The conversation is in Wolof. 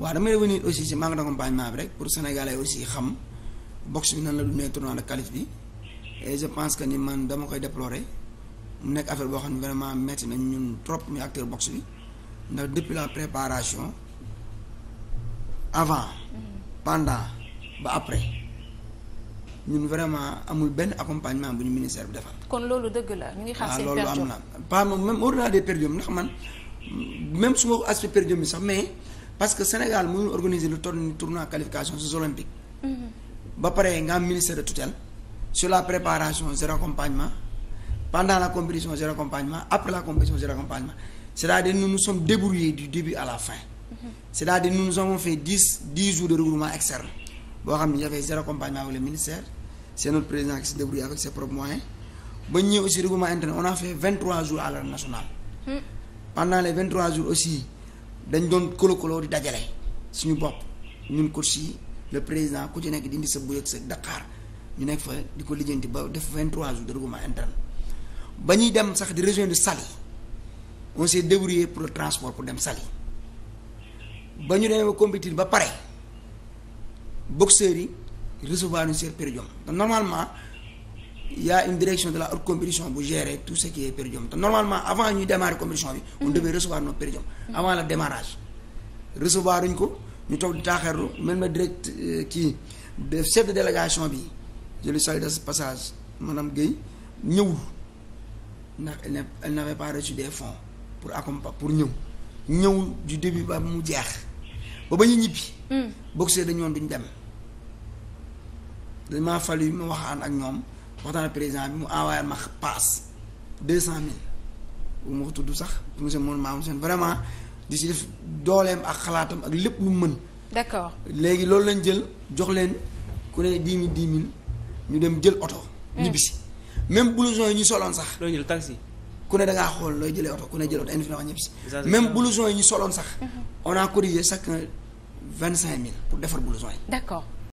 waaw damay revenir aussi ci manque d'accompagnement bi rek pour sénégalais aussi xam boxe bi nan la dundee tournoi de qualité bi et je pense que ni man dama koy déplorer mu nekk affaire boo xam ne vraiment métti nañ ñun trop muy acteur boxe bi ndax depuis la préparation avant pendant ba après ñun vraiment amul benn accompagnement bu ñu ministère bi defal. kon loolu dëgg la mu ngi xam ah, seen loolu am na pas même au-delà des pérdiums ndax man même su ma aspect pérdium bi sax mais. parce que Sénégal mënul organiser lu toll ni tournoi qualification aux olympiques mhm. ba pare nga am ministère de tutelle sur la préparation zéro accompagnement pendant la compétition zéro accompagnement après la compétition zéro accompagnement c'est-à-dire nous nous sommes débrouillés du début à la fin mhm. c'est-à-dire fait dix dix jours de regroupement externe boo xam ne dafay zéro accompagnement avec le ministère c'est notre président qui se débrouille avec ses propres moyens ba ñëw aussi regroupement interne on a fait vingt trois nationale mhm. pendant les vingt dañ doon kolokoloo di dajale suñu bopp ñun coach yi le président ku ci nekk dindi indi sa bu yëg sa Dakar ñu nekk fa di ko lijjanti ba def vingt trois jours de regroupement interne ba ñuy dem sax di région de Saly on s'est débrouillé pour le transport pour dem Saly ba ñu demee ba compétir ba pare boxeurs yi recevoir une seen période normalement y a une direction de la haute compétition bu gérer tout ce qui est per diem te normalement avant ñuy démarrer compétition bi on devait recevoir nos per avant le démarrage recevoir uñ ko ñu toog di taaxeerlu mel ma direct euh, kii de chef de délégation bi je le salue de ce passage madame Guèye ñëwul ndax elle n'avait pas des fonds pour accompagner pour ñëw ñëwul du début ba mu jeex ba ba ñu ñibbi hmm. boxeur dañoon duñ dem dañ maa fallu ma waxaan ak ñoom waxtaan ak président bi mu envoyé ma paas deux cent mille bu ma ko tudd sax monsieur Mawone Maam seen vraiment di si def dooleem ak xalaatam ak lépp lu mën. d'accord léegi loolu lañ jël jox leen ku ne dix mille dix mille ñu dem jël oto. Hmm. ñibbisi même blouson yi ñu soloon sax. doo jël taxi. ku ne da ngaa xool looy ne jël oto indi si. même blouson yi ñu soloon sax. Hmm. on a corrigé chacun vingt cinq mille pour defar blouson yi. d'accord.